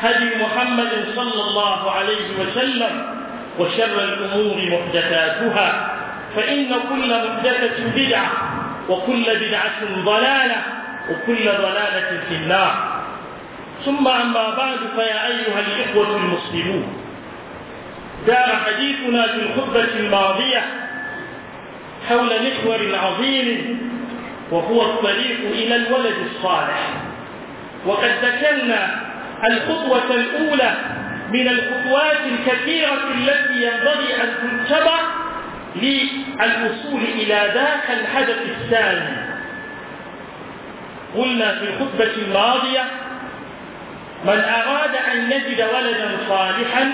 هدي محمد صلى الله عليه وسلم وشر الأمور محدثاتها فإن كل محدثة بدعة وكل بدعة ضلالة وكل ضلالة في النار ثم أما بعد فيا أيها الإخوة المسلمون دار حديثنا في الخطبة الماضية حول محور عظيم وهو الطريق إلى الولد الصالح وقد ذكرنا الخطوة الأولى من الخطوات الكثيرة التي ينبغي أن تتبع للوصول إلى ذاك الهدف الثاني قلنا في الخطبة الماضية من أراد أن يجد ولدا صالحا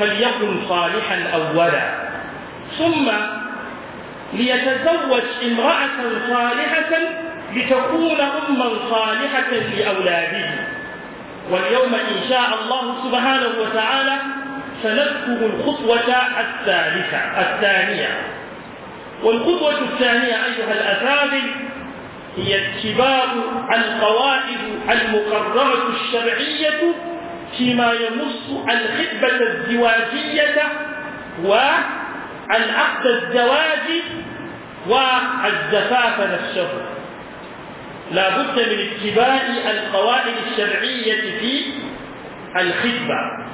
فليكن صالحا أولا ثم ليتزوج امرأة صالحة لتكون أما صالحة لأولاده واليوم إن شاء الله سبحانه وتعالى سنذكر الخطوة الثالثة الثانية والخطوة الثانية أيها الأساتذة هي اتباع القواعد المقررة الشرعية فيما يمس الخطبة الزواجية والعقد الزواجي والزفاف نفسه لا بد من اتباع القواعد الشرعية في الخطبة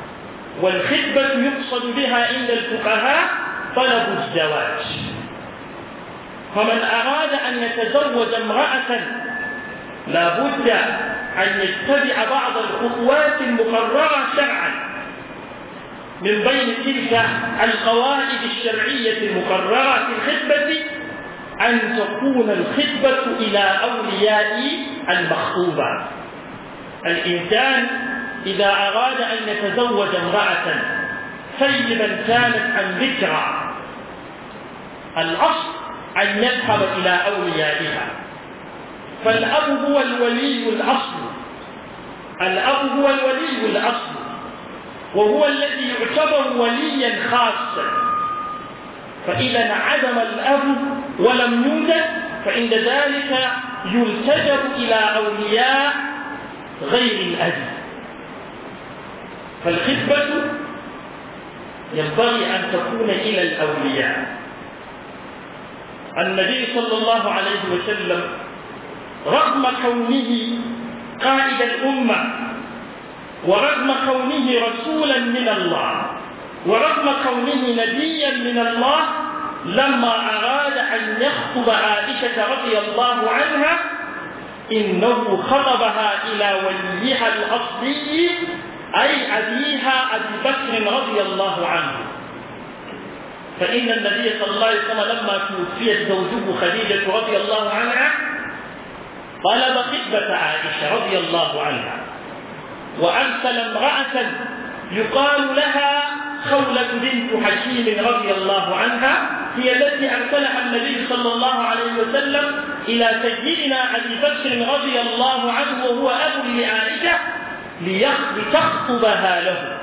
والخطبة يقصد بها عند الفقهاء طلب الزواج فمن أراد أن يتزوج امرأة لا بد أن يتبع بعض الخطوات المقررة شرعا من بين تلك القواعد الشرعية المقررة في الخطبة أن تكون الخطبة إلى أولياء المخطوبة الإنسان إذا أراد أن يتزوج امرأة سيدا كانت أم ذكرى الأصل أن يذهب إلى أوليائها فالأب هو الولي الأصل الأب هو الولي الأصل وهو الذي يعتبر وليا خاصا فإذا عدم الأب ولم يوجد فعند ذلك يلتجأ إلى أولياء غير الأب فالخدمة ينبغي أن تكون إلى الأولياء النبي صلى الله عليه وسلم رغم كونه قائد الأمة ورغم كونه رسولا من الله ورغم كونه نبيا من الله لما أراد أن يخطب عائشة رضي الله عنها إنه خطبها إلى وليها الأصلي أي أبيها أبي بكر رضي الله عنه فإن النبي صلى الله عليه وسلم لما توفيت زوجه خديجة رضي الله عنها طلب خدمة عائشة رضي الله عنها وأرسل امرأة يقال لها خولة بنت حكيم رضي الله عنها هي التي أرسلها النبي صلى الله عليه وسلم إلى سيدنا أبي بكر رضي الله عنه وهو أب لعائشة لتخطبها له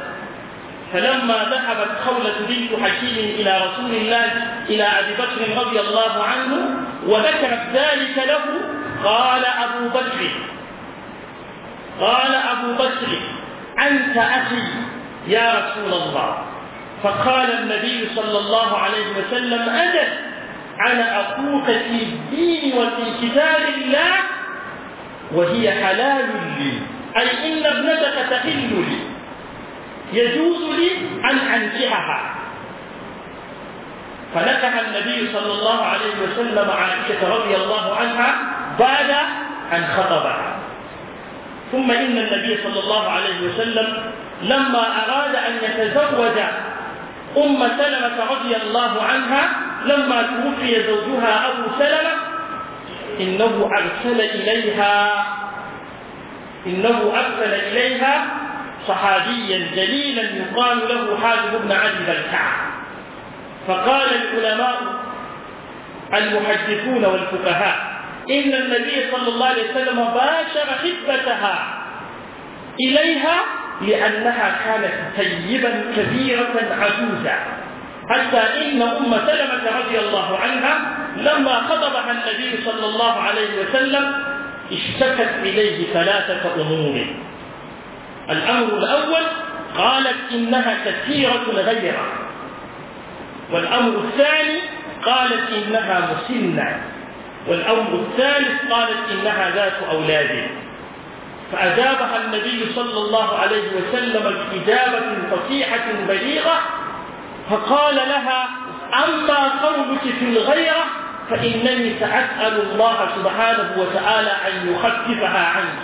فلما ذهبت خولة بنت حكيم إلى رسول الله إلى أبي بكر رضي الله عنه وذكرت ذلك له قال أبو بكر قال أبو بكر أنت أخي يا رسول الله فقال النبي صلى الله عليه وسلم أدب على أخوك في الدين وفي كتاب الله وهي حلال لي أي إن ابنتك تحل لي يجوز لي أن أنكحها فنكح النبي صلى الله عليه وسلم عائشة رضي الله عنها بعد أن خطبها ثم إن النبي صلى الله عليه وسلم لما أراد أن يتزوج أم سلمة رضي الله عنها لما توفي زوجها أبو سلمة إنه أرسل إليها إنه أرسل إليها صحابيا جليلا يقال له حاجب بن علي بلتع فقال العلماء المحدثون والفقهاء إن النبي صلى الله عليه وسلم باشر خدمتها إليها لأنها كانت طيبا كبيرة عجوزا حتى إن أم سلمة رضي الله عنها لما خطبها النبي صلى الله عليه وسلم اشتكت إليه ثلاثة أمور الأمر الأول قالت إنها كثيرة الغيرة والأمر الثاني قالت إنها مسنة والأمر الثالث قالت إنها ذات أولاد فأجابها النبي صلى الله عليه وسلم بإجابة فصيحة بليغة فقال لها أما قولك في الغيرة فإنني سأسأل الله سبحانه وتعالى أن يخففها عنك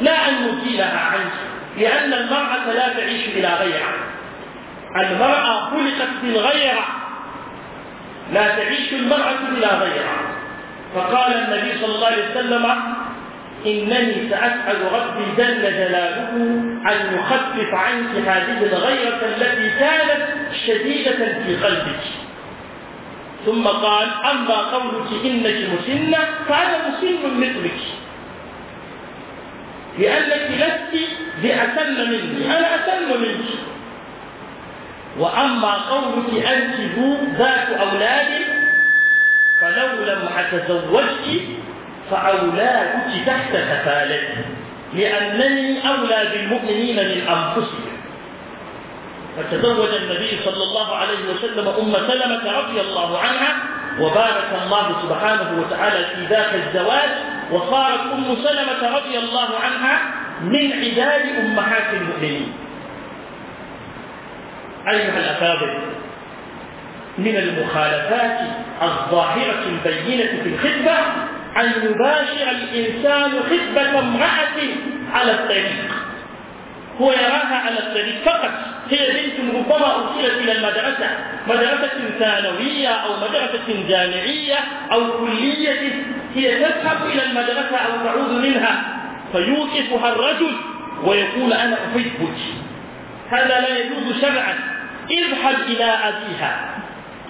لا أن يزيلها عنك لأن المرأة لا تعيش بلا غيرة المرأة خلقت بالغيرة لا تعيش المرأة بلا غيرة فقال النبي صلى الله عليه وسلم إنني سأسأل ربي جل جلاله أن يخفف عنك هذه الغيرة التي كانت شديدة في قلبك ثم قال أما قولك إنك مسنة فأنا مسن مثلك لأنك لست بأسن مني أنا أسن منك وأما قولك أنت ذات أولاد فلو لم أتزوجك فأولادك تحت كفالتي لأنني أولى بالمؤمنين من أنفسهم فتزوج النبي صلى الله عليه وسلم أم سلمة رضي الله عنها وبارك الله سبحانه وتعالى في ذاك الزواج وصارت أم سلمة رضي الله عنها من عباد أمهات المؤمنين أيها الأفاضل من المخالفات الظاهرة البينة في الخدمة أن يباشر الإنسان خدمة امرأة على الطريق هو يراها على الطريق فقط هي بنت ربما أرسلت إلى المدرسة مدرسة ثانوية أو مدرسة جامعية أو كلية هي تذهب إلى المدرسة أو تعود منها فيوقفها الرجل ويقول أنا أحبك هذا لا يجوز شرعا اذهب إلى أبيها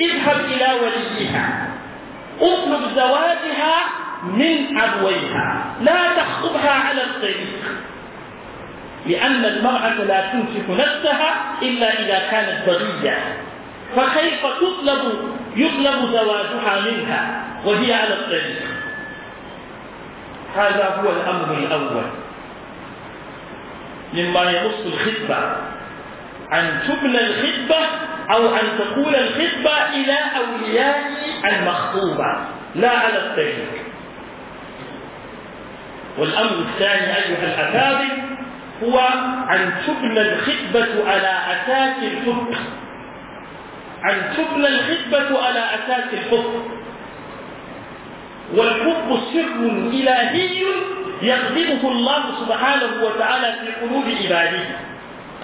اذهب إلى وليها اطلب زواجها من أبويها لا تخطبها على الطريق لأن المرأة لا تمسك نفسها إلا إذا كانت بغية فكيف تطلب يطلب زواجها منها وهي على الطريق هذا هو الأمر الأول مما يمس الخطبة أن تبنى الخطبة أو أن تقول الخطبة إلى أولياء المخطوبة لا على الطريق والأمر الثاني أيها الأكابر هو أن تبنى الخطبة على أساس الفقه أن تبنى الخطبة على أساس الحب والحب سر إلهي يخدمه الله سبحانه وتعالى في قلوب عباده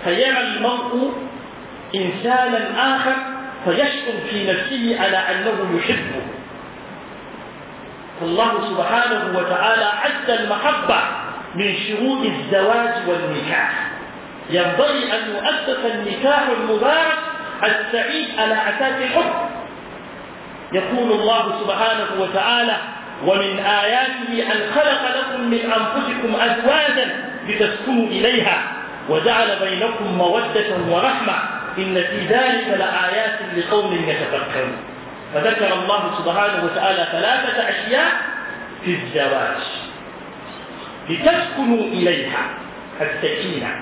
فيرى المرء إنسانا آخر فيشعر في نفسه على أنه يحبه فالله سبحانه وتعالى عد المحبة من شروط الزواج والنكاح ينبغي أن يؤسس النكاح المبارك السعيد على أساس الحب يقول الله سبحانه وتعالى ومن آياته أن خلق لكم من أنفسكم أزواجا لتسكنوا إليها وجعل بينكم مودة ورحمة إن في ذلك لآيات لقوم يتفكرون فذكر الله سبحانه وتعالى ثلاثة أشياء في الزواج لتسكنوا إليها السكينة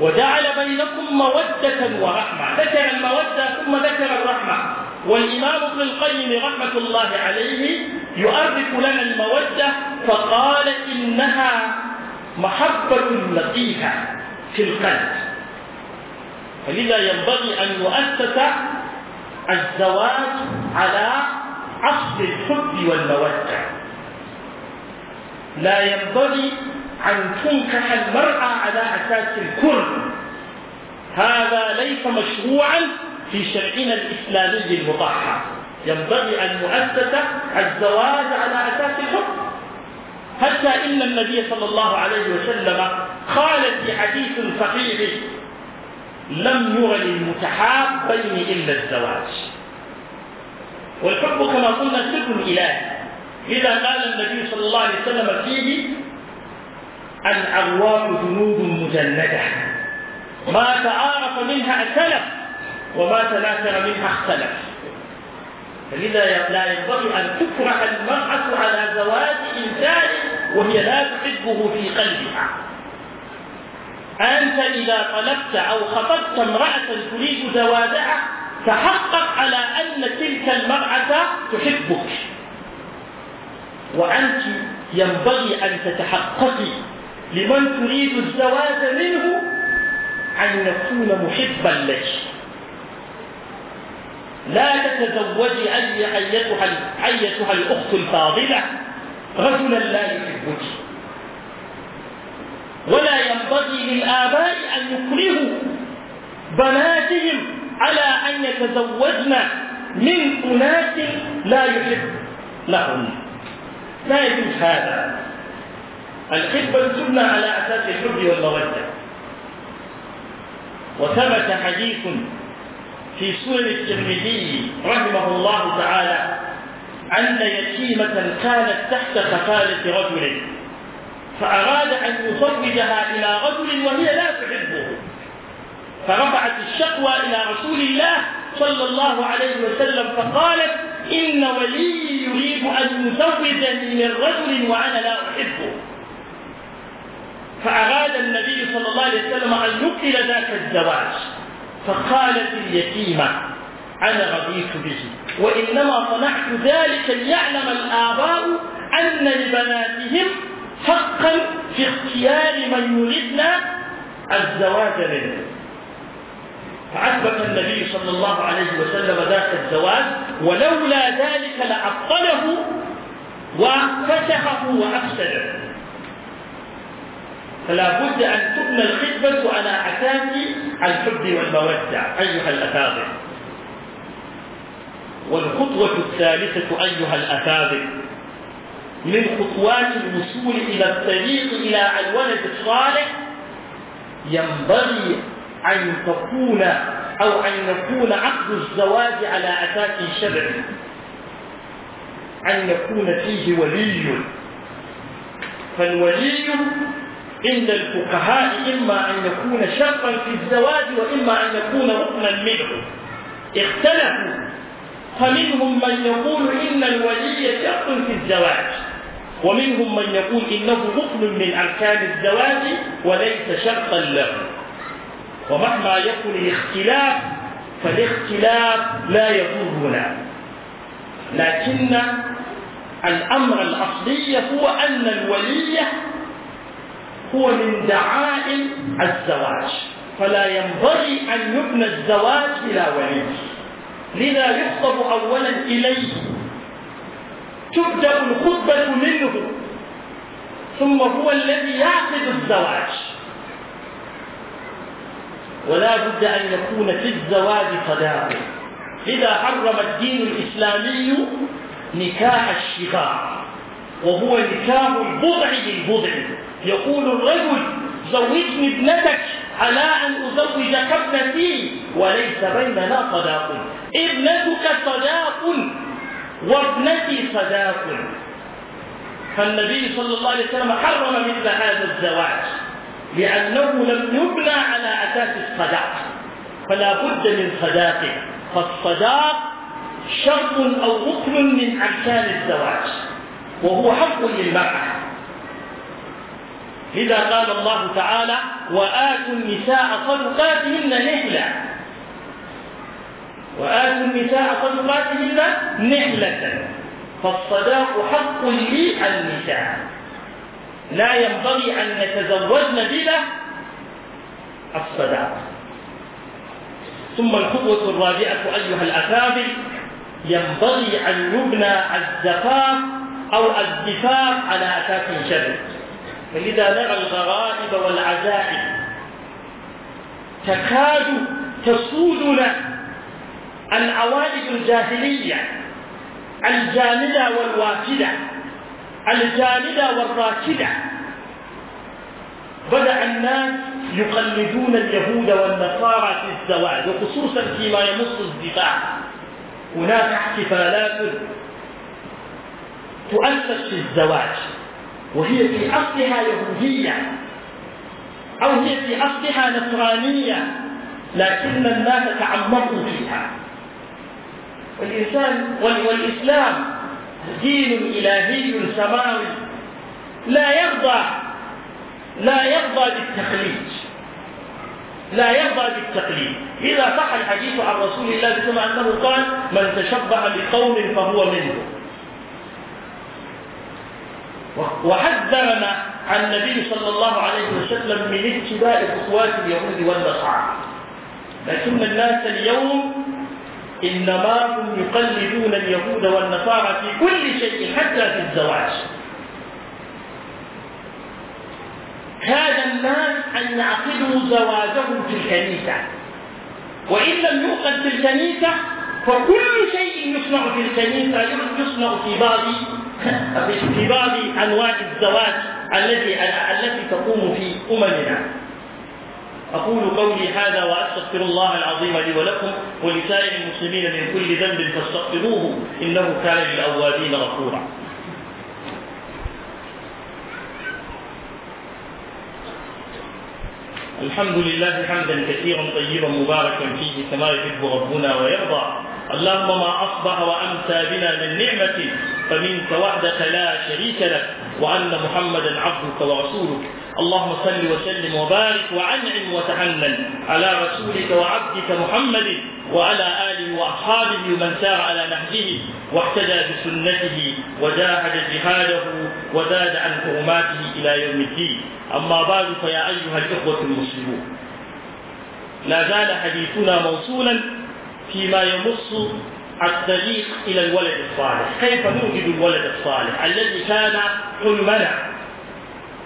وجعل بينكم مودة ورحمة ذكر المودة ثم ذكر الرحمة والإمام ابن القيم رحمة الله عليه يؤرخ لنا المودة فقال إنها محبة لطيفة في القلب فلذا ينبغي أن يؤسس الزواج على أصل الحب والمودة لا ينبغي أن تنكح المرأة على أساس الكره هذا ليس مشروعا في شرعنا الإسلامي المطهر ينبغي أن نؤسس الزواج على أساس الحب حتى إن النبي صلى الله عليه وسلم قال في حديث صحيح لم يرى للمتحابين إلا الزواج والحب كما قلنا سر إلهي لذا قال النبي صلى الله عليه وسلم فيه الأرواح جنود مجندة ما تعارف منها اختلف وما تناثر منها اختلف فلذا لا ينبغي أن تكره المرأة على زواج إنسان وهي لا تحبه في قلبها أنت إذا طلبت أو خطبت امرأة تريد زواجها تحقق على أن تلك المرأة تحبك وأنت ينبغي أن تتحققي لمن تريد الزواج منه أن يكون محبا لك لا تتزوجي أيتها أيتها الأخت الفاضلة رجلا لا يحبك ولا ينبغي للآباء أن يكرهوا بناتهم على أن يتزوجن من أناس لا يحب لهم لا يجوز هذا الحبة تبنى على أساس الحب والمودة وثبت حديث في سور الترمذي رحمه الله تعالى أن يتيمة كانت تحت خفالة رجل فأراد أن يزوجها إلى رجل وهي لا تحبه فرفعت الشكوى إلى رسول الله صلى الله عليه وسلم فقالت إن ولي يريد أن يزوجني من رجل وأنا لا أحبه فأراد النبي صلى الله عليه وسلم أن يبطل ذاك الزواج فقالت اليتيمة أنا رضيت به وإنما صنعت ذلك ليعلم الآباء أن لبناتهم حقا في اختيار من يريدنا الزواج منه فعذب النبي صلى الله عليه وسلم ذاك الزواج ولولا ذلك لعطله وفسخه وافسده فلا بد ان تبنى الخدمه على اساس الحب والموده ايها الافاضل والخطوه الثالثه ايها الافاضل من خطوات الوصول إلى الطريق إلى علونة الصالح ينبغي أن تكون أو أن يكون عقد الزواج على أساس شرعي أن يكون فيه ولي فالولي عند الفقهاء إما أن يكون شرطا في الزواج وإما أن يكون ركنا منه اختلفوا فمنهم من يقول إن الولي شرط في الزواج ومنهم من يقول إنه ركن من أركان الزواج وليس شرطا له ومهما يكن الاختلاف فالاختلاف لا يضرنا لكن الأمر الأصلي هو أن الولي هو من دعائم الزواج فلا ينبغي أن يبنى الزواج إلى ولي لذا يخطب أولا إليه تبدأ الخطبة منه ثم هو الذي يعقد الزواج ولا بد أن يكون في الزواج صداق لذا حرم الدين الإسلامي نكاح الشغار وهو نكاح البضع للبضع يقول الرجل زوجني ابنتك على أن أزوجك ابنتي وليس بيننا صداق ابنتك صداق وابنتي صداق فالنبي صلى الله عليه وسلم حرم مثل هذا الزواج لأنه لم يبنى على أساس الصداق فلا بد من صداقه فالصداق شرط أو ركن من أركان الزواج وهو حق للمرأة لذا قال الله تعالى وآتوا النساء صدقاتهن نحلة وآتوا النساء صدقاتهن نحلة فالصداق حق للنساء لا ينبغي أن نتزوجن بلا الصداق ثم الخطوة الرابعة أيها الأكابر ينبغي أن يبنى الزفاف أو الدفاع على أساس شرعي فإذا نرى الغرائب والعزائم تكاد تسودنا العوائد الجاهلية الجامدة والوافدة الجامدة والراكدة بدأ الناس يقلدون اليهود والنصارى في الزواج وخصوصا فيما يمس الزفاف هناك احتفالات تؤسس في الزواج وهي في أصلها يهودية أو هي في أصلها نصرانية لكن الناس تعمقوا فيها الإنسان والإسلام دين إلهي سماوي لا يرضى لا يرضى بالتقليد لا يرضى بالتقليد إذا صح الحديث عن رسول الله صلى الله عليه وسلم أنه قال من تشبه بقوم فهو منه وحذرنا عن النبي صلى الله عليه وسلم من اتباع اخوات اليهود والنصارى لكن الناس اليوم إنما هم يقلدون اليهود والنصارى في كل شيء حتى في الزواج كاد الناس أن يعقدوا زواجهم في الكنيسة وإن لم يؤخذ في الكنيسة فكل شيء يصنع في الكنيسة يصنع في بعض في بعض أنواع الزواج التي التي تقوم في أممنا أقول قولي هذا وأستغفر الله العظيم لي ولكم ولسائر المسلمين من كل ذنب فاستغفروه إنه كان للأوابين غفورا الحمد لله حمدا كثيرا طيبا مباركا فيه كما يحب ربنا ويرضى اللهم ما أصبح وأمسى بنا من نعمة فمنك وحدك لا شريك لك وأن محمدا عبدك ورسولك اللهم صل وسلم وبارك وأنعم وتحنن على رسولك وعبدك محمد وعلى آله وأصحابه ومن سار على نهجه واهتدى بسنته وجاهد جهاده وزاد عن حرماته إلى يوم الدين أما بعد فيا أيها الإخوة المسلمون لا زال حديثنا موصولا فيما يمص الطريق إلى الولد الصالح كيف نوجد الولد الصالح الذي كان حلمنا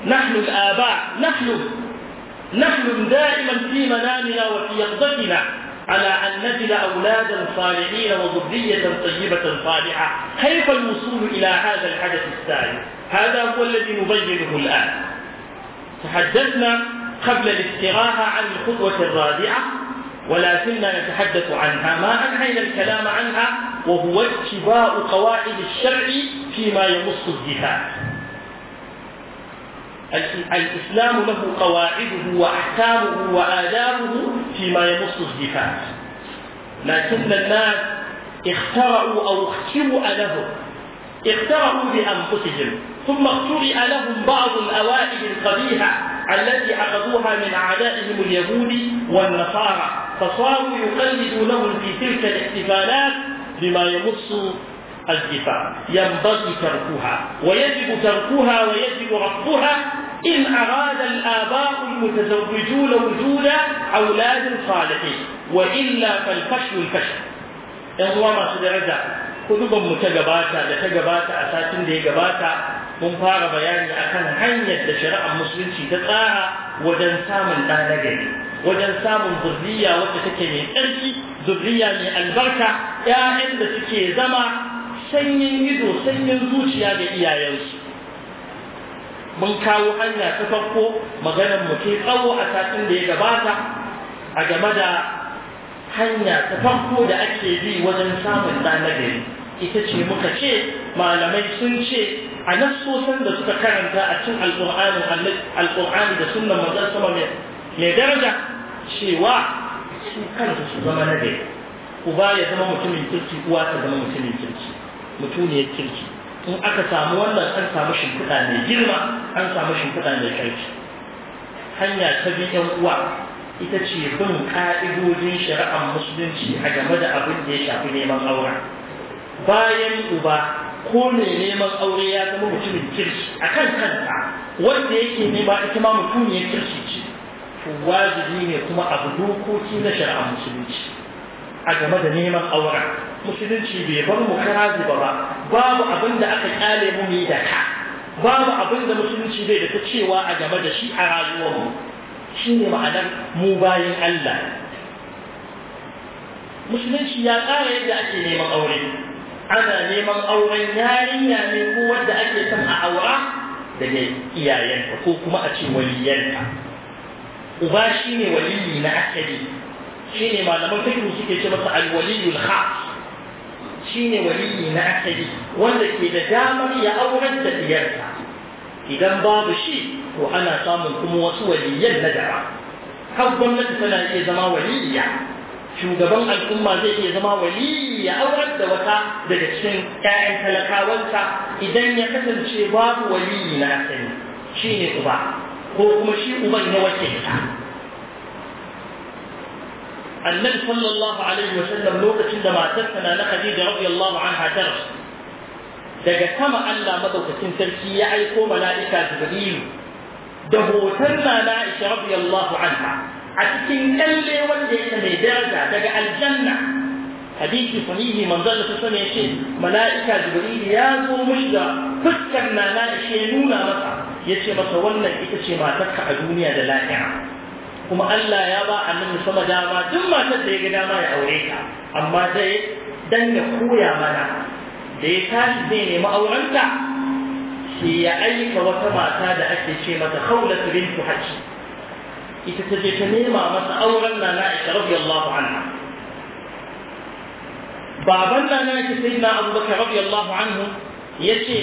نحن الآباء نحلم نحلم دائما في منامنا وفي يقظتنا على أن نجد أولادا صالحين وذرية طيبة صالحة كيف الوصول إلى هذا الحدث الثاني هذا هو الذي نبينه الآن تحدثنا قبل الاستراحة عن الخطوة الرابعة ولكننا نتحدث عنها ما أنهينا الكلام عنها وهو اتباع قواعد الشرع فيما يمص الجهاد الإسلام له قواعده وأحكامه وآدابه فيما يمص الجهاد لكن الناس اخترعوا أو اخترأ لهم اخترعوا بأنفسهم ثم اخترئ لهم بعض الأوائل القبيحة التي أخذوها من أعدائهم اليهود والنصارى فصاروا يقلدونهم في تلك الاحتفالات بما يمس الدفاع ينبغي تركها ويجب تركها ويجب رفضها إن أراد الآباء المتزوجون وجود أولاد صالحين وإلا فالفشل الفشل ينظر ما سدرجة كتبا متجباتا لتجباتا أساسين دي جباتا mun fara bayani akan hanyar da shari'ar musulunci ta tsara wajen samun ɗa na gari wajen samun zurriya wadda take mai ƙarfi zurriya mai albarka ‘ya'yan da suke zama sanyin ido sanyin zuciya da iyayensu mun kawo hanya ta farko maganar mu ke tsawo a satin da ya gabata a game da hanya ta farko da ake bi wajen samun ɗanagari. ita ce muka ce malamai sun ce a nassosan da suka karanta a cin alƙur'ani da sunan mazan sama mai mai daraja cewa su kansu su zama na da uba ya zama mutumin kirki uwa ta zama mutumin kirki mutuniyar kirki in aka samu wannan an samu shimfiɗa mai girma an samu shimfiɗa mai karfi hanya ta bi yan uwa ita ce bin ƙa'idojin shari'ar musulunci a game da abin da ya shafi neman aure bayan uba ko ne neman aure ya zama mutumin kirki a kan kanta wanda yake nema ita ma ya kirki wajibi ne kuma abu dokoki na shari'a musulunci a game da neman auren musulunci bai bar mu karazi ba ba babu abin da aka kyale mu yi da ka babu abin da musulunci bai da ta cewa a game da shi a rayuwar mu shine ma'anar mu bayan Allah musulunci ya tsara yadda ake neman aure ana neman auren yarinya ne ko wadda ake son a aura daga iyayenta ko kuma a ce waliyanta uba ne waliyi na asali ne malaman fikihu suke ce masa alwaliyul Shi ne waliyi na asali wanda ke da damar ya aurar da diyarsa idan babu shi to ana samun kuma wasu waliyan na daba har gwamnati tana iya zama waliyya. shugaban al'umma zai iya zama wali ya aurar da wata daga cikin 'ya'yan talakawanta idan ya kasance babu waliyyi na asali shi ne uba ko kuma shi uban ya wakilta annabi sallallahu alaihi wa sallam lokacin da matarsa na Khadija radiyallahu anha ta daga sama Allah madaukakin sarki ya aiko mala'ika Jibrilu da hoton na Aisha radiyallahu anha a cikin kalle wanda yake mai daraja daga aljanna hadisi sahihi manzo Allah sallallahu alaihi ce, yace mala'ika jibril ya zo mushi da fuskar nana ya nuna masa yace masa wannan ita ce matarka a duniya da lafiya. kuma Allah ya ba annabi sama dama duk matar da ya ga dama ya aure ta amma dai dan ya koya mana da ya tashi zai nemi aurenta sai ya aika wata mata da ake ce mata khawlat bint hajji ita ta je ta nema masa auren nana Aisha radiyallahu anha baban na na ce sai na abubakar radiyallahu anhu ya ce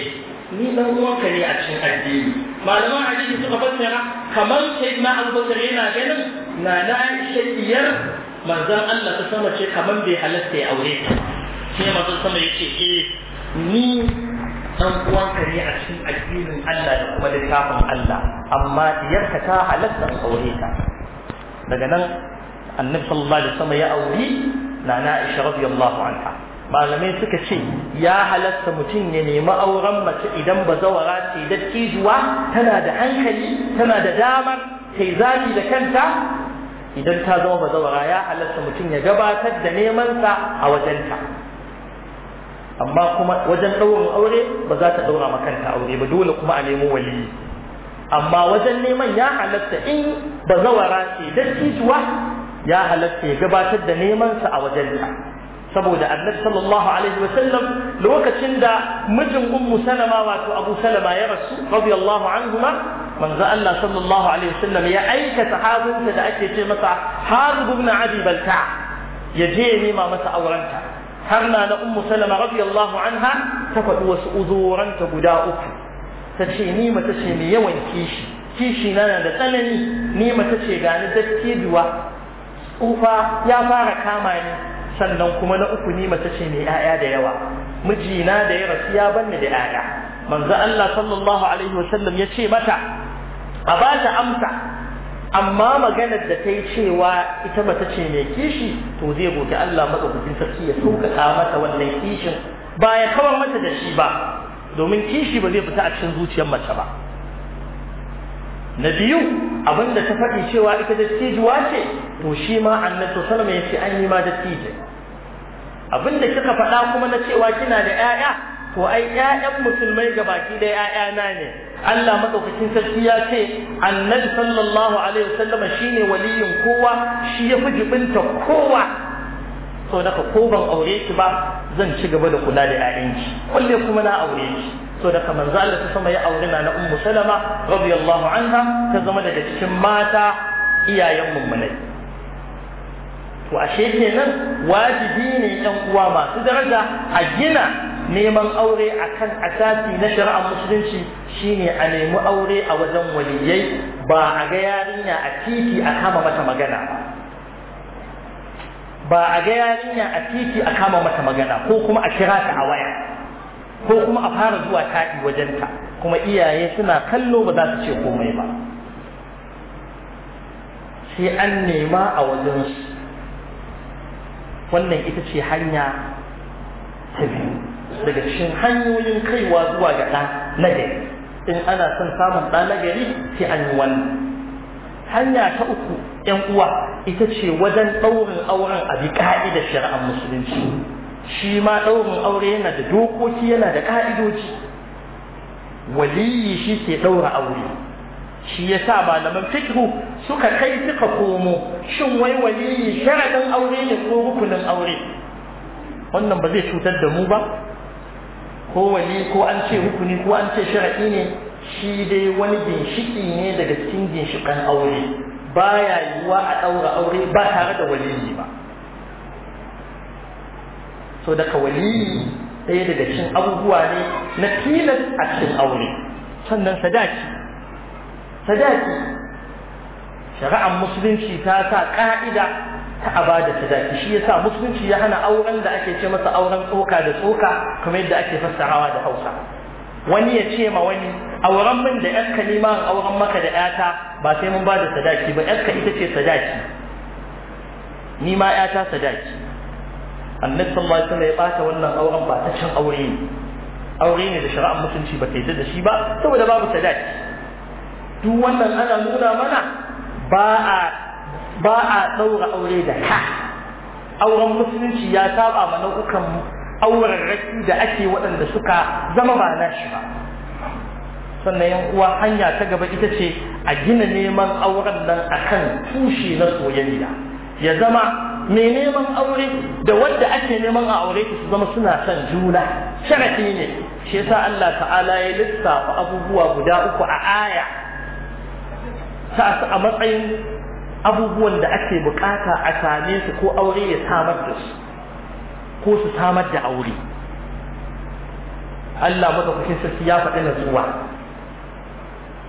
ni dan uwanka ne a cikin addini malaman addini suka fassara kamar sai na abubakar yana ganin na na aisha diyar manzon Allah ta sama ce kamar bai halatta ya aure ta sai manzon sama ya ce eh ni dan uwanka ne a cikin addinin Allah da kuma littafin Allah amma diyarka ta halatta aure ta daga nan annabi sallallahu alaihi wasallam ya auri nana Aisha radiyallahu anha malamai suka ce ya halatta mutum ya nemi auren mace idan ba zawara ce dattijuwa tana da hankali tana da damar tai zafi da kanta idan ta zama ba zawara ya halatta mutum ya gabatar da nemansa a wajenta amma kuma wajen ɗaurin aure ba za ta ɗaura ma kanta aure ba dole kuma a nemo waliyi amma wajen neman ya halatta in ba zawara ce dattijuwa ya halatta ya gabatar da nemansa a wajen ta saboda annabi sallallahu alaihi wa sallam lokacin da mijin ummu salama wato abu salama ya rasu radiyallahu anhuma manzo Allah sallallahu alaihi wa sallam ya aika sahabinsa da ake ce masa Harib ibn Abi Balta ya je ya nema masa aurenta har na na ummu salama radiyallahu anha ta faɗi wasu uzuranta guda uku ta ce ni mace ce mai yawan kishi kishi na da tsanani ni mace ce gani dattijuwa tsufa ya fara kama ni sannan kuma na uku ni mace ce mai 'ya'ya da yawa mijina da ya rasu ya banni da 'ya'ya manzo Allah sallallahu alaihi wasallam ya ce mata a ba ta amsa amma maganar da ta yi cewa ita mace ce mai kishi to zai goge Allah madaukakin sarki ya sauƙaƙa mata wannan kishin ba ya kawar mata da shi ba domin kishi ba zai fita a cikin zuciyar mace ba na biyu abinda ta faɗi cewa ita dattijuwa ce to shi ma annabi sallama ya ce an yi ma Abin abinda kika faɗa kuma na cewa kina da 'ya'ya to ai 'ya'yan musulmai ga baki da 'ya'yana ne Allah madaukakin sarki ya ce annabi sallallahu alaihi wasallam shine waliyin kowa shi ya fi jibinta kowa so naka ko ban aure ki ba zan ci gaba da kula da 'ya'yanki kulle kuma na aure ki so da kamar za Allah ta sama ya auri na ummu salama radiyallahu anha ta zama daga cikin mata iyayen mummunai to ashe kenan wajibi ne yan uwa masu daraja a gina neman aure akan asasi na shari'ar musulunci shine a nemi aure a wajen waliyai ba a ga yarinya a titi a kama mata magana ba a ga yarinya a titi a kama mata magana ko kuma a kira ta a waya ko kuma a fara zuwa taɗi wajenta kuma iyaye suna kallo ba za su ce komai ba sai an nema a wajensu wannan ita ce hanya ta biyu daga cikin hanyoyin kaiwa zuwa ga ɗa na gari in ana son samun ɗa na gari sai an yi wannan hanya ta uku ‘yan uwa ita ce wajen ɗaurin auren a bi ƙa'idar shari'ar musulunci shi ma ɗaurin aure yana da dokoki yana da ƙa'idoji waliyi shi ke ɗaura aure shi ya sa malaman fikhu suka kai suka komo shin wai waliyi sharaɗin aure ne ko rukunin aure wannan ba zai cutar da mu ba ko wali ko an ce rukuni ko an ce sharaɗi ne shi dai wani ginshiki ne daga cikin ginshikan aure baya yiwuwa a ɗaura aure ba tare da waliyi ba so daga waliyi ɗaya daga cikin abubuwa ne na tilas a cikin aure sannan sadaki sadaki shari'ar musulunci ta sa ƙa'ida ta a da sadaki shi yasa musulunci ya hana auren da ake ce masa auren tsoka da tsoka kuma yadda ake fassarawa da hausa wani ya ce ma wani auren min da yarka nima auren maka da yata ba sai mun ba da sadaki ba yarka ita ce sadaki ni ma yata sadaki annabi sallallahu alaihi wasallam ya bata wannan auren ba ta cin aure ne aure ne da shari'ar mutunci ba ta yadda da shi ba saboda babu sadaki duk wannan ana nuna mana ba a ba a daura aure da ka auren musulunci ya saba ma nau'ukan aurarraki da ake waɗanda suka zama ba na shi ba sannan yan uwa hanya ta gaba ita ce a gina neman auren nan akan tushe na soyayya ya zama mai neman aure da wanda ake neman a aure su zama suna son juna sharafi ne shi yasa Allah ta'ala ya lissafa abubuwa guda uku a aya ta su a matsayin abubuwan da ake bukata a same su ko aure ya samar da su ko su samar da aure Allah madaukakin sarki ya faɗi natsuwa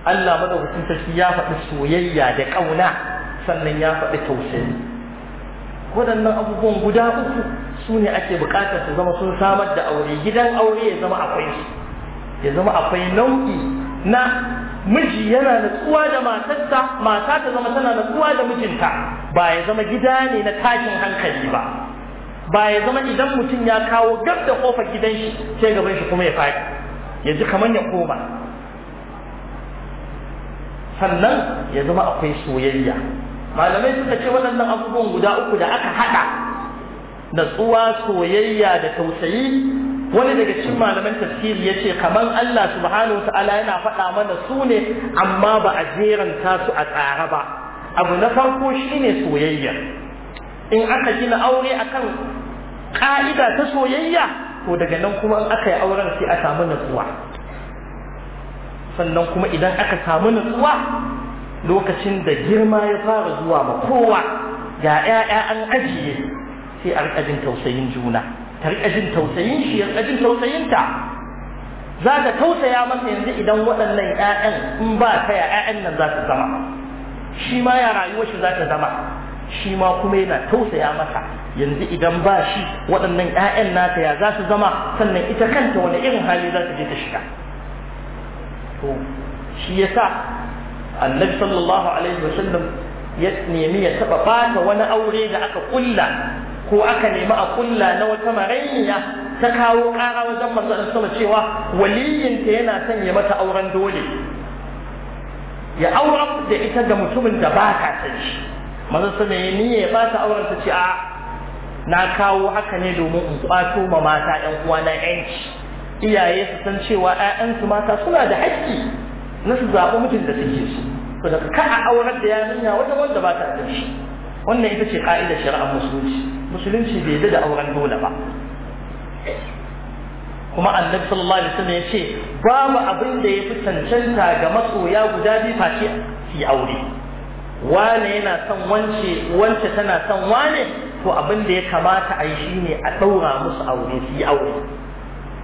Allah madaukakin sarki ya faɗi soyayya da ƙauna sannan ya faɗi tausayi waɗannan abubuwan guda uku su ne ake buƙatar su zama sun samar da aure gidan aure ya zama akwai su ya zama akwai nau'i na miji yana natsuwa da matarsa mata ta zama tana natsuwa da mijinta ba ya zama gida ne na tashin hankali ba ba ya zama idan mutum ya kawo gab da kofar gidan shi sai gaban shi kuma ya faɗi ya ji kamar ya koma sannan ya zama akwai soyayya malamai suka ce waɗannan abubuwan guda uku da aka haɗa natsuwa soyayya da tausayi wani daga cikin malaman tafsiri ya ce kamar Allah subhanahu ta'ala yana faɗa mana su ne amma ba a jeranta su a tsara ba abu na farko shine soyayya in aka gina aure akan ka'ida ta soyayya to daga nan kuma in aka yi auren sai a samu natsuwa sannan kuma idan aka samu natsuwa lokacin da girma ya fara zuwa ma kowa ga 'ya'ya an ajiye sai a riƙa jin tausayin juna ta riƙa jin tausayin shi ya riƙa jin tausayinta za ka tausaya masa yanzu idan waɗannan 'ya'yan in ba ta ya 'ya'yan nan za su zama shi ma ya rayuwar shi za ta zama shi ma kuma yana tausaya masa yanzu idan ba shi waɗannan 'ya'yan nata ya za su zama sannan ita kanta wani irin hali za ta je ta shiga to shi yasa annabi sallallahu alaihi wasallam ya nemi ya taba bata wani aure da aka kulla ko aka nemi a kulla na wata marayya ta kawo kara wajen manzon sama cewa waliyinta yana son ya mata auren dole ya auren da ita ga mutumin da ba ka san shi manzon sama ya niyya ya bata auren ta ce a na kawo haka ne domin in kwato ma mata yan uwa na yanci iyaye su san cewa 'ya'yansu mata suna da haƙƙi na su zaɓi mutum da suke su to daga ka a aurar da yarinya wata wanda ba ta da shi wannan ita ce ka'idar shari'ar musulunci musulunci bai yadda da auren dole ba kuma annabi sallallahu alaihi wasallam ya ce babu abin da ya fi cancanta ga masoya guda biyu face su aure wane yana son wance wance tana son wane to abin da ya kamata a yi shine a ɗaura musu aure su yi aure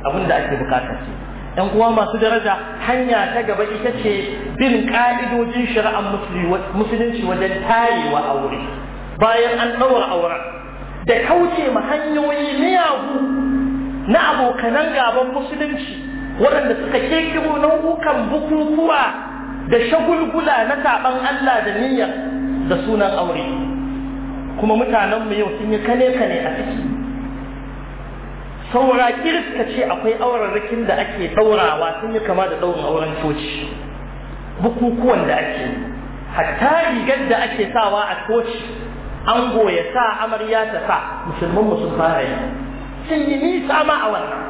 abin da ake bukata ce ɗan uwa masu daraja hanya ta gaba ita ce bin ƙa'idojin shari'ar musulunci wajen tarewa aure bayan an ɗaura auren da kauce ma hanyoyi miyagu na abokanan gaban musulunci waɗanda suka kirkiro nau'ukan bukukuwa da shagulgula na saɓan Allah da niyyar da sunan aure kuma mutanenmu yau sun yi kane-kane a ciki saura kirka ce akwai auren da ake ɗaurawa sun yi kama da ɗaurin auren coci bukukuwan da ake hatta rigar da ake sawa a coci ango ya sa amarya ta sa musulman musul fara yi sun yi nisa ma a wannan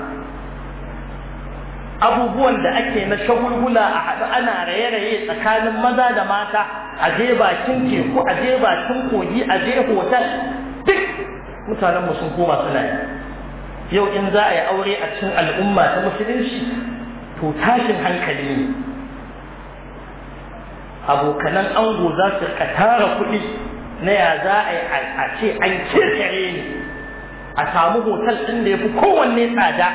abubuwan da ake na shagulgula a haɗu ana raye-raye tsakanin maza da mata a je bakin teku a je bakin kogi a je hotel duk mutanen sun koma suna yi yau in za a yi aure a cikin al'umma ta musulunci to tashin hankali ne abokanan ango za su ka kuɗi na ya za a yi a ce an kirkire ne a samu hotel ɗin da ya fi kowanne tsada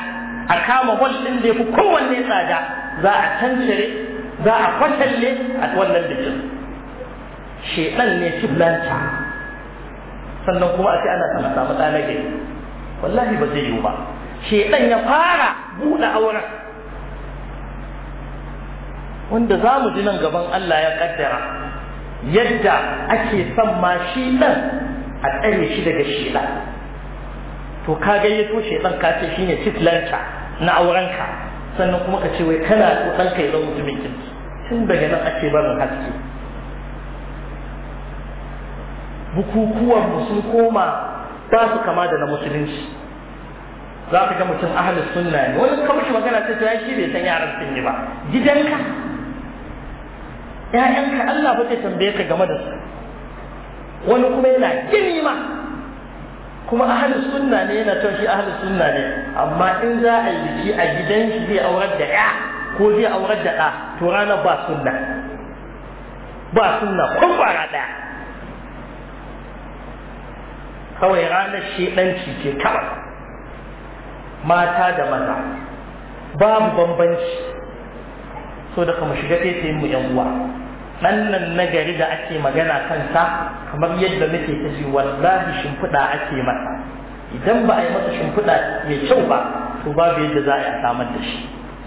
a kama hol ɗin da ya fi kowanne tsada za a tantare, za a kwatalle a wannan bikin shedan ne kiblanta sannan kuma a ce ana samu samu na wallahi ba zai yiwu ba shedan ya fara buɗe auren wanda za mu ji nan gaban Allah ya kaddara yadda ake son ma shi ɗan a tsare shi daga shi to ka gayyato shi ka ce shine titlanta na aurenka sannan kuma ka ce wai kana so ɗan kai zan mutumin kirki tun daga nan ake barin haske bukukuwan mu sun koma ba su kama da na musulunci za ka ga mutum ahalus sunna ne wani ka mishi magana ta ya shi bai san yaran sun yi ba gidanka ƴaƴanka Allah ba zai tambaye ka game da su wani kuma yana gini ma kuma ahalus sunna ne yana cewa shi ahalus sunna ne amma in za a yi biki a gidan shi zai aurar da ko zai aurar da ɗa to ranar ba sunna ba sunna kun ɗaya kawai ranar shedanci ce kawai mata da maza babu bambanci so da kuma shiga sai mu yan uwa dan nan nagari da ake magana kansa kamar yadda muke ta ji wallahi shimfiɗa ake masa idan ba a yi masa shimfiɗa mai kyau ba to babu yadda za a yi samar da shi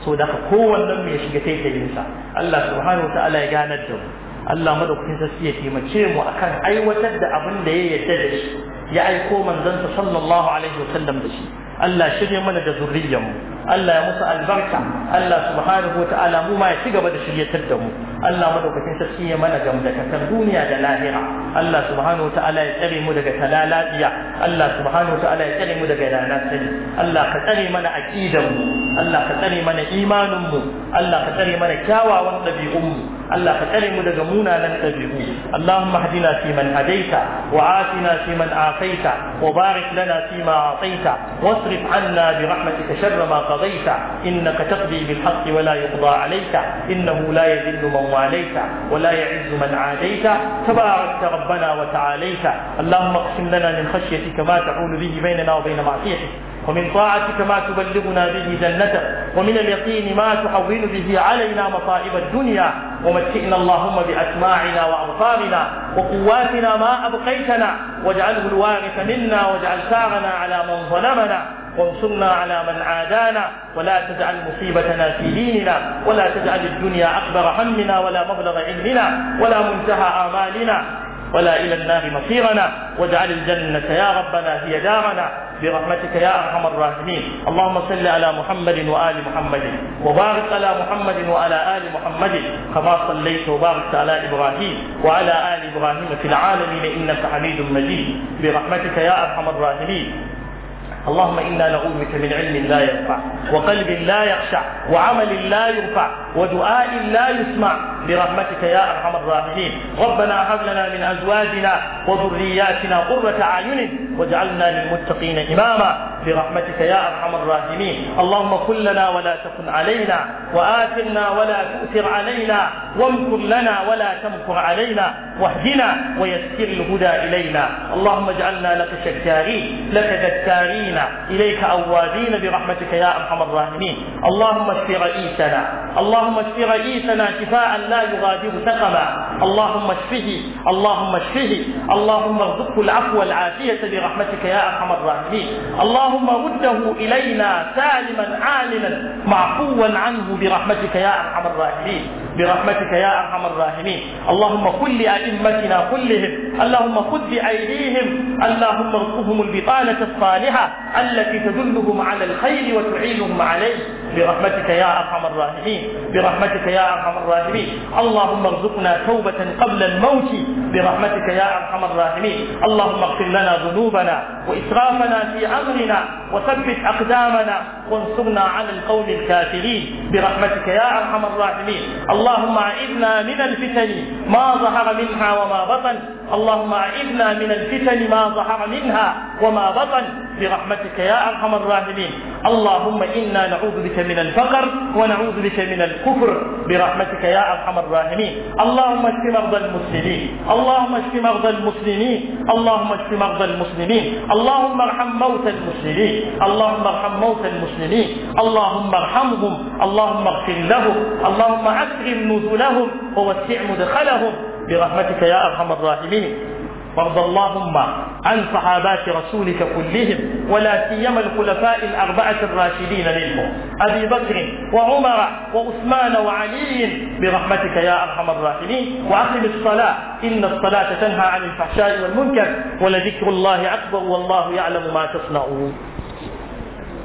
so da kowannen mai shiga taitayinsa Allah subhanahu wa ta'ala ya ganar da mu Allah madaukakin sarki ya taimake mu akan aiwatar da abin da ya yadda da shi ya aiko manzansa sallallahu alaihi wasallam da shi Allah shirye mana da zurriyar mu Allah ya musu albarka Allah subhanahu wa ta'ala mu ma ya ci gaba da shiryatar da mu Allah madaukakin sarki ya mana gamdakatar duniya da lahira Allah subhanahu wa ta'ala ya tsare mu daga talalabiya Allah subhanahu wa ta'ala ya tsare mu daga rana sani Allah ka tsare mana aqidan mu Allah ka tsare mana imanin mu Allah ka tsare mana kyawawan dabi'un mu Allah ka tsare mu daga لن تجدوا اللهم اهدنا فيمن هديت وعافنا فيمن عافيت وبارك لنا فيما أعطيت واصرف عنا برحمتك شر ما قضيت إنك تقضي بالحق ولا يقضى عليك إنه لا يذل من واليت ولا يعز من عاديت تباركت ربنا وتعاليت اللهم اقسم لنا من خشيتك ما تعول به بيننا وبين معصيتك ومن طاعتك ما تبلغنا به جنتك ومن اليقين ما تحول به علينا مصائب الدنيا ومتئنا اللهم بأسماعنا وأبصارنا وقواتنا ما أبقيتنا واجعله الوارث منا واجعل ثارنا على من ظلمنا وانصرنا على من عادانا ولا تجعل مصيبتنا في ديننا ولا تجعل الدنيا أكبر همنا ولا مبلغ علمنا ولا منتهى آمالنا ولا إلى النار مصيرنا واجعل الجنة يا ربنا هي دارنا برحمتك يا أرحم الراحمين اللهم صل على محمد وآل محمد وبارك على محمد وعلى آل محمد كما صليت وباركت على إبراهيم وعلى آل إبراهيم في العالمين إنك حميد مجيد برحمتك يا أرحم الراحمين اللهم انا نعوذ بك من علم لا ينفع وقلب لا يخشع وعمل لا يرفع ودعاء لا يسمع برحمتك يا ارحم الراحمين ربنا هب لنا من ازواجنا وذرياتنا قرة اعين واجعلنا للمتقين اماما برحمتك يا ارحم الراحمين اللهم كن لنا ولا تكن علينا واثرنا ولا تؤثر علينا وامكر لنا ولا تمكر علينا واهدنا ويسر الهدى الينا اللهم اجعلنا لك شكارين لك ذكارين اليك اوابين برحمتك يا ارحم الراحمين اللهم اشف رئيسنا اللهم اشف رئيسنا شفاء لا يغادر سقما اللهم اشفه اللهم اشفه اللهم ارزقه العفو والعافية برحمتك يا أرحم الراحمين اللهم رده إلينا سالما عالما معفوا عنه برحمتك يا أرحم الراحمين برحمتك يا أرحم الراحمين اللهم كل أئمتنا كلهم اللهم خذ بأيديهم اللهم ارزقهم البطانة الصالحة التي تدلهم على الخير وتعينهم عليه برحمتك يا ارحم الراحمين برحمتك يا ارحم الراحمين اللهم ارزقنا توبه قبل الموت برحمتك يا ارحم الراحمين اللهم اغفر لنا ذنوبنا واسرافنا في امرنا وثبت اقدامنا وانصرنا على القوم الكافرين برحمتك يا ارحم الراحمين اللهم اعذنا من الفتن ما ظهر منها وما بطن اللهم اعذنا من الفتن ما ظهر منها وما بطن برحمتك يا أرحم الراحمين اللهم إنا نعوذ بك من الفقر ونعوذ بك من الكفر برحمتك يا أرحم الراحمين اللهم اشف مرضى المسلمين اللهم اشف مرضى المسلمين اللهم اشف مرضى المسلمين اللهم ارحم موتى المسلمين اللهم ارحم موتى المسلمين اللهم ارحمهم اللهم اغفر لهم اللهم أكرم نزلهم ووسع مدخلهم برحمتك يا أرحم الراحمين وارض اللهم عن صحابات رسولك كلهم ولا سيما الخلفاء الأربعة الراشدين منهم أبي بكر وعمر وعثمان وعلي برحمتك يا أرحم الراحمين وأقم الصلاة إن الصلاة تنهى عن الفحشاء والمنكر ولذكر الله أكبر والله يعلم ما تصنعون